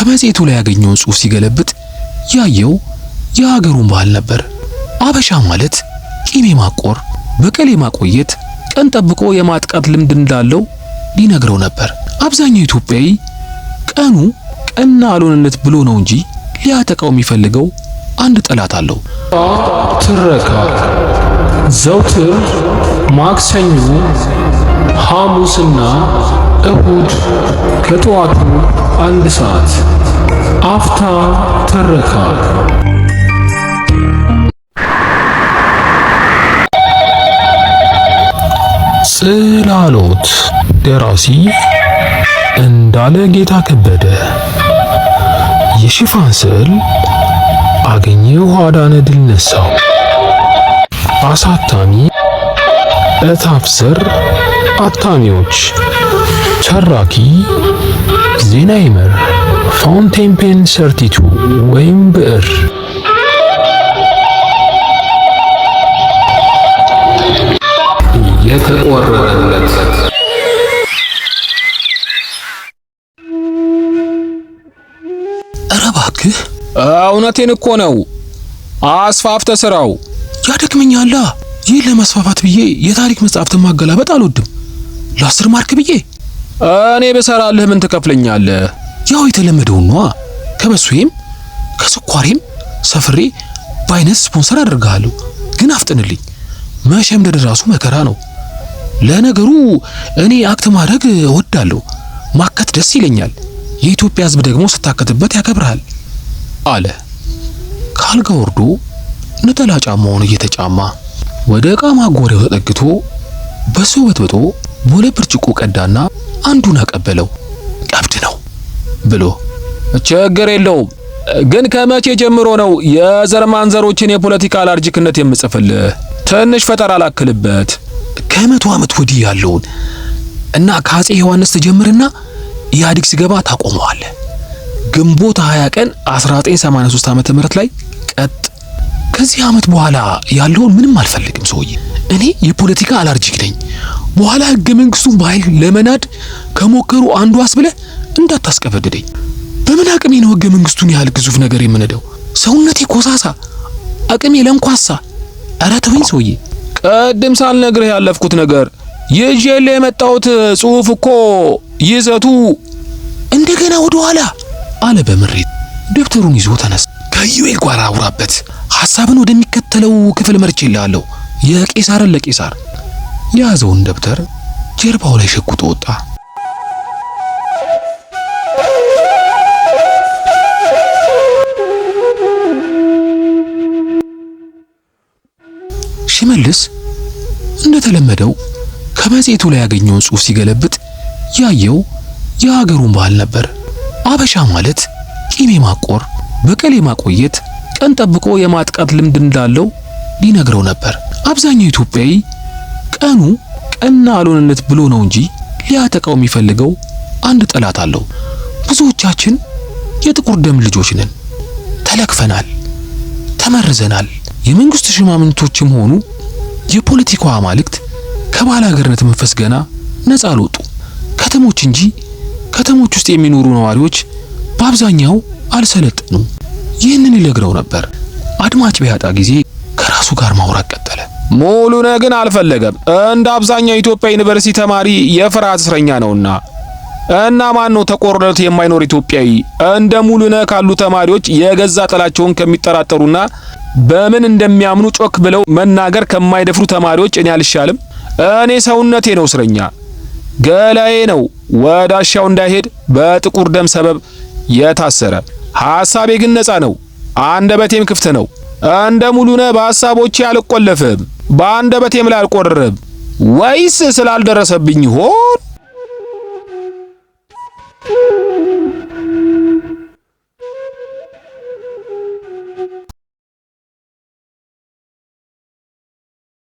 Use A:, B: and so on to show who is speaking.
A: ከመጽሔቱ ላይ ያገኘውን ጽሑፍ ሲገለብጥ ያየው የሀገሩን ባህል ነበር። አበሻ ማለት ቂም የማቆር በቀሌ የማቆየት ቀን ጠብቆ የማጥቃት ልምድ እንዳለው ሊነግረው ነበር። አብዛኛው ኢትዮጵያዊ ቀኑ ቀና አልሆነለት ብሎ ነው እንጂ ሊያጠቃው የሚፈልገው አንድ ጠላት አለው።
B: ትረካ ዘውትር ማክሰኞ ሐሙስና እሁድ ከጠዋቱ አንድ ሰዓት አፍታ ትረካ። ጽላሎት ደራሲ እንዳለ ጌታ ከበደ የሽፋን ስዕል አገኘሁ አዳነ ድል ነሳው አሳታሚ እታፍስር አታሚዎች ተራኪ ዜና ፋውንቴን ፔን ሰርቲቱ ወይም ብዕር የተቆረጠለት
A: ኧረ እባክህ
C: እውነቴን እኮ ነው አስፋፍተ ስራው
A: ያደክመኛላ ይህ ለማስፋፋት ብዬ የታሪክ መጽሐፍትን ማገላበጥ አልወድም ለአስር ማርክ ብዬ
C: እኔ በሰራልህ ምን ትከፍለኛለህ?
A: ያው የተለመደውን ነዋ። ከበሱዬም ከስኳሬም ሰፍሬ በአይነት ስፖንሰር አድርጋለሁ ግን አፍጥንልኝ፣ መሸምደድ ራሱ መከራ ነው። ለነገሩ እኔ አክት ማድረግ እወዳለሁ። ማከት ደስ ይለኛል። የኢትዮጵያ ሕዝብ ደግሞ ስታከትበት ያከብርሃል አለ። ካልጋ ወርዶ ነጠላ ጫማውን እየተጫማ ወደ እቃ ማጎሪያው ተጠግቶ በሰው በጥብጦ በሁለት ብርጭቆ ቀዳና አንዱን አቀበለው። ቀብድ ነው
C: ብሎ ችግር የለውም ግን ከመቼ ጀምሮ ነው የዘር ማንዘሮችን የፖለቲካ አላርጂክነት የምጽፍልህ? ትንሽ ፈጠራ ላክልበት።
A: ከመቶ ዓመት ወዲህ ያለውን እና ከአጼ ዮሐንስ ትጀምርና ኢህአዴግ ሲገባ ታቆመዋል። ግንቦት 20 ቀን 1983 ዓ ም ላይ ቀጥ ከዚህ ዓመት በኋላ ያለውን ምንም አልፈልግም። ሰውዬ እኔ የፖለቲካ አላርጂክ ነኝ። በኋላ ህገ መንግስቱን ባይ ለመናድ ከሞከሩ አንዱ አስብለ እንዳታስቀበድደኝ። በምን አቅሜ ነው ህገ መንግስቱን ያህል ግዙፍ ነገር የምንደው? ሰውነቴ ኮሳሳ፣ አቅሜ ለንኳሳ። ኧረ ተወኝ ሰውዬ።
C: ቀድም ሳልነግርህ ያለፍኩት ነገር ይዤለ የመጣሁት ጽሁፍ እኮ ይዘቱ
A: እንደገና ወደ ኋላ አለ በምሬት ደብተሩን ይዞ ተነሳ። ከዩኤል ጋር አውራበት ሐሳብን ወደሚከተለው ክፍል መርቼልሃለሁ። የቄሳርን ለቄሳር የያዘውን ደብተር ጀርባው ላይ ሸጉጦ ወጣ። ሽመልስ እንደተለመደው ከመጽሔቱ ላይ ያገኘውን ጽሑፍ ሲገለብጥ ያየው የሀገሩን ባህል ነበር። አበሻ ማለት ቂም የማቆር በቀል የማቆየት ቀን ጠብቆ የማጥቃት ልምድ እንዳለው ሊነግረው ነበር። አብዛኛው ኢትዮጵያዊ ቀኑ ቀና አልሆነለት ብሎ ነው እንጂ ሊያጠቃው የሚፈልገው አንድ ጠላት አለው። ብዙዎቻችን የጥቁር ደም ልጆች ነን። ተለክፈናል፣ ተመርዘናል። የመንግስቱ ሽማምንቶችም ሆኑ የፖለቲካው አማልክት ከባላገርነት መንፈስ ገና ነጻ አልወጡ። ከተሞች እንጂ ከተሞች ውስጥ የሚኖሩ ነዋሪዎች በአብዛኛው አልሰለጠኑም። ይህንን ይነግረው ነበር። አድማጭ ቢያጣ ጊዜ ከራሱ ጋር ማውራት
C: ሙሉነህ ግን አልፈለገም። እንደ አብዛኛው የኢትዮጵያ ዩኒቨርሲቲ ተማሪ የፍርሃት እስረኛ ነውና። እና ማን ነው ተቆርለት የማይኖር ኢትዮጵያዊ እንደ ነ ካሉ ተማሪዎች የገዛ ጠላቸውን ከሚጠራጠሩና በምን እንደሚያምኑ ጮክ ብለው መናገር ከማይደፍሩ ተማሪዎች እኔ አልሻልም። እኔ ሰውነቴ ነው እስረኛ፣ ገላዬ ነው ወዳሻው እንዳይሄድ በጥቁር ደም ሰበብ የታሰረ። ሐሳቤ ግን ነፃ ነው፣ አንደበቴም ክፍት ነው። እንደ ነ በሐሳቦቼ አልቆለፍም። በአንደበቴም ላይ አልቆርብ ወይስ ስላልደረሰብኝ ይሆን?